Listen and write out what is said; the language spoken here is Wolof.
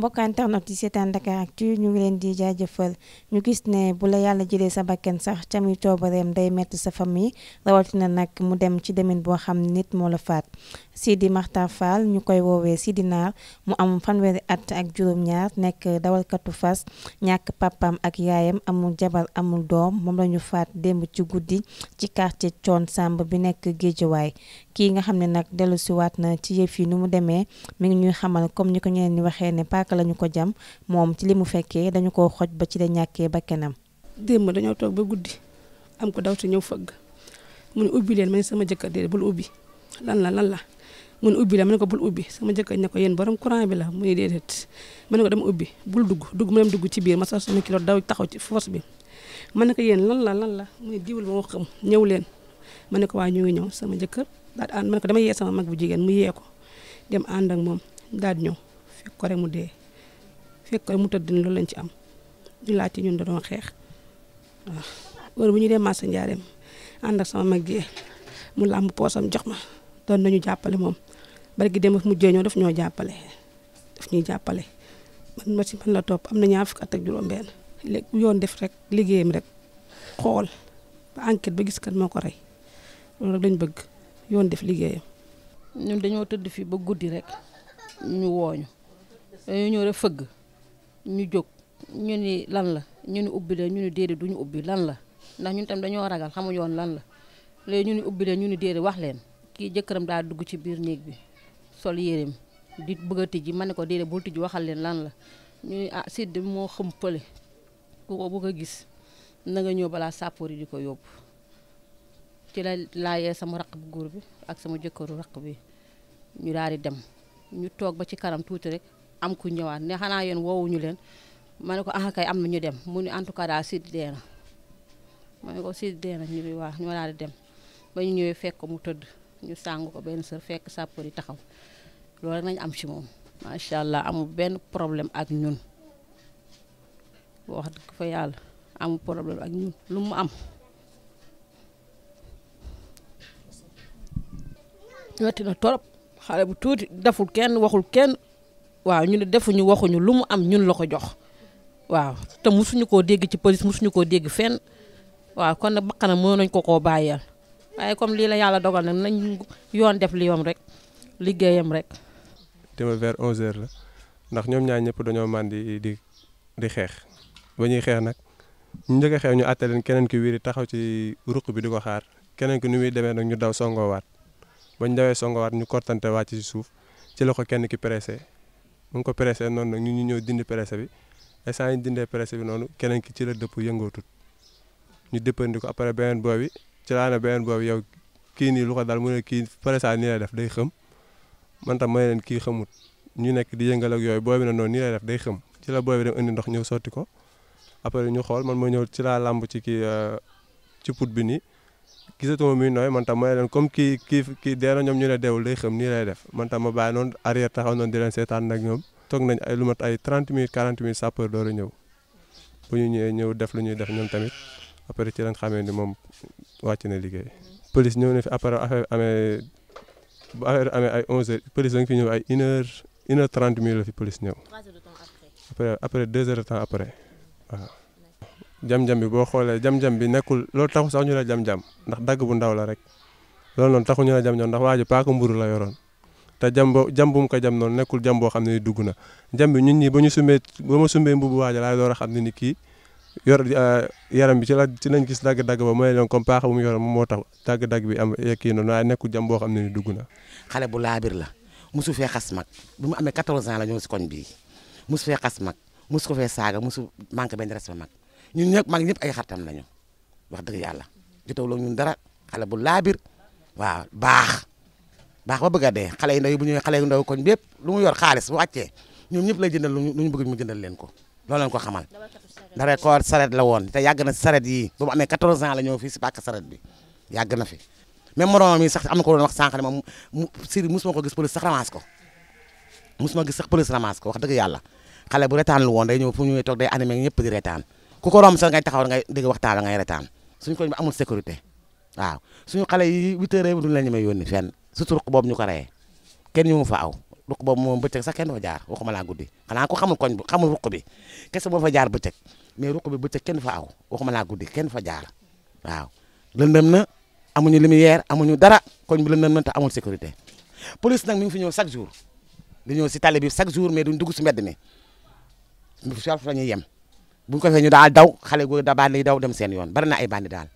mbokk internet yi seetaan Dakaractu ñu ngi leen di jaajëfal ñu gis ne bu la yàlla jëlee sa bakkan sax ca muy coobareem day metti sa famille rawatina nag mu dem ci demin boo xam nit moo la faat Sidi marta Fall ñu koy woowee Sidi Naar mu am fanweeri at ak juróom-ñaar nekk dawalkatu fas ñàkk papam ak yaayam amul jabar amul doom moom la ñu faat démb ci guddi ci quartier coon Samb bi nekk Géejawaay kii nga xam ne nag waat na ci yëf yi nu mu demee mi ngi waxee paaka lañu ko jam moom ci li mu fekkee dañu ko xoj ba ci la ñàkkee ba kenam démb dañoo toog ba guddi am ko daw si ñëw fëgg mu ne ubbi leen ma ne sama jëkkër déedéet bul ubbi lan la lan la mu ubbi la ma ne ko bul ubbi sama jëkkër ne ko yéen borom courant bi la mu ma ne ko dama ubbi bul dugg dugg ma dem dugg ci biir ma sol sama kilo daw taxaw ci force bi ma ne ko yéen lan la lan la mu ne diwul ba ma xam ñëw leen ma ne ko waa ñu ñëw sama jëkkër daal ànd ma ne ko dama yee sama mag bu jigéen mu yee ko dem ànd ak moom daal ñëw fekk ko rek mu dee fekk ko rek mu tëdd loolu lañ ci am ñu laaj ci ñun da doon xeex waaw heure bu ñu dee marché njaareem ànd sama mag mu làmb poosam jox ma doon nañu jàppale moom ba gi dem mu mujjee ñoo def ñoo jàppale daf ñuy jàppale man ma ci man la topp am na ñaar fukk at ak juróom-benn léegi yoon def rek liggéeyam rek xool ba enquête gis kan moo ko rey loolu rek bëgg yoon def liggéeyam. ñun dañoo tëdd fii ba guddi rek ñu wooñu dañoo ñëw rek fëgg ñu jóg ñu ni lan la ñu ni ubbi de ñu ni déedéet du ñu ubbi lan la ndax ñu tam dañoo ragal xamuñu woon lan la léegi ñu ni ubbi de ñu ni déedéet wax leen kii jëkkëram daa dugg ci biir néeg bi sol yéreem di bëgg a tijji ma ne ko déedéet bul tijji waxal leen lan la ñu ni ah sidd moo xëm pële ku ko bëgg a gis nanga nga balaa sàppoor yi di ko yóbbu ci la laayee sama raq bu góor bi ak sama jëkkëru raq bi ñu daal di dem ñu toog ba ci kanam tuuti rek am ku ñëwaat ne xanaa yéen woowuñu leen ma ne ko ah am na ñu dem mu ne en tout cas daal Sidi dee na ma ne ko Sidi dee ñu ne waaw ñu daal di dem ba ñu ñëwee fekk ko mu tëdd ñu sàng ko benn sër fekk sàppar yi taxaw loolu nañ am ci moom macha allah amul benn problème ak ñun wax dëgg fa yàlla amul problème ak ñun lu mu am. metti na torop xale bu tuuti daful kenn waxul kenn waaw ñu ne defuñu waxuñu lu mu am ñun la ko jox waaw te musuñu koo dégg ci police musuñu koo dégg fenn waaw kon nag bakkanam moo nañ ko koo bàyyeel waaye comme lii la yàlla dogal nag nañ yoon def li yom rek liggéeyam rek. dema vers 11h la ndax ñoom ñaar ñëpp dañoo màndi di di xeex ba ñuy xeex nag ñu njëkk xeex ñu àtte leen keneen ki wiiri taxaw ci ruq bi di ko xaar keneen ki nu muy demee nag ñu daw songowaat ba ñu dawee songowaat ñu kortante wàcc ci suuf ci la kenn ki pressé mu ngi ko pressé noonu nag ñu ñu ñëw dindi pressé bi instant yi dindee pressé bi noonu keneen ki ci la dëpp yëngootut ñu dëppandi ko après beneen booy bi ci laa ne beneen booy bi kii nii lu ko dal mu ne kii pressage nii lay def day xëm man tam may leen kii xamut ñu nekk di yëngal yooyu booy bi ne noonu nii lay def day xëm ci la booy bi dem indi ndox ñëw sotti ko après ñu xool man ma ñëw ci laa làmb ci kii euh, ci put bi nii gisatuma muy nooy man tam ma leen comme kii kii kii dee ñoom ñu ne deewul day xam nii lay def man tam ma bàyyi noonu arrière taxaw noonu di seetaan nag ñoom toog nañ ay lu mat ay 30 minutes 40 minutes sapeur door a ñëw bu ñu ñëwee ñëw def lu ñuy def ñoom tamit après ci lañ xamee ni moom wàcc na liggéey. police ñëw na fi après affaire bu affaire amee ay 11 fi ñëw ay 1 heure 1 heure fi police ñëw après après 2 heures de temps après waaw. jam-jam bi boo xoolee jam-jam bi nekkul loolu taxu sax ñu la jam-jam ndax dagg bu ndaw la rek loolu noonu taxu ñu la jam-jam ndax waa mburu la yoroon te jam bo jam bu mu ko jam noonu nekkul jam boo xam ne ni dugg na jam bi ñun ñi ñu sumbee ba ma sumbee mbubu waaja laay door a xam ni kii yor eh, yaram bi ci la ci lañ gis dagg-dagg ba mooy leen comme paaxa mu yoroon moo tax dagg-dagg bi am kii noonu waaye nekkul jam boo xam ne dugg na xale bu laabir la musu fee xas mag bi mu amee 14 ans la ñëw si koñ bii musu fee xas mag ko fee saaga musu manqué benn respect mag ñun ñëpp mag ñëpp ay la lañu wax dëgg yàlla jotawloo ñun dara xale bu laabir waaw baax baax ba bëgg a dee xale yu ndaw yi bu ñëwee xale yu ndaw koñ bépp lu mu yor xaalis bu wàccee ñoom ñëpp lay jëndal lu ñu mu jëndal leen ko loolu leen ko xamal dara ko saret la woon te na saret yii ba mu amee 14 ans la ñëw fii si pàkk saret bi yàgg na fi même moromam yi sax am na ko doon wax sànq ne mu Siri mosuma ko gis police ko mosuma gis sax yàlla xale bu retaan lu woon day ñëw fu di retaan ku ko romb sax ngay taxaw ngay dégg waxtaan la ngay retaan suñ koñ bi amul sécurité waaw suñu xale yi huit heures yi duñ la ñemee yónni fenn surtout ruq boobu ñu ko reyee kenn ñu mu fa aw ruq boobu moom bëccëg sa kenn fa jaar waxuma laa guddi xanaa ko xamul koñ bi xamul ruq bi kese moo fa jaar bëccëg mais ruq bi bëccëg kenn fa aw waxuma laa guddi kenn fa jaar waaw lëndëm na amuñu lumière amuñu dara koñ bi la na te amul sécurité police nag mi ngi fi ñëw chaque jour di ñëw si tali bi chaque jour mais duñ dugg si mbedd mi foofu la ñuy yem bu ñu ko defee ñu daal daw xale góor da bandi daw dem seen yoon bari na ay bandi daal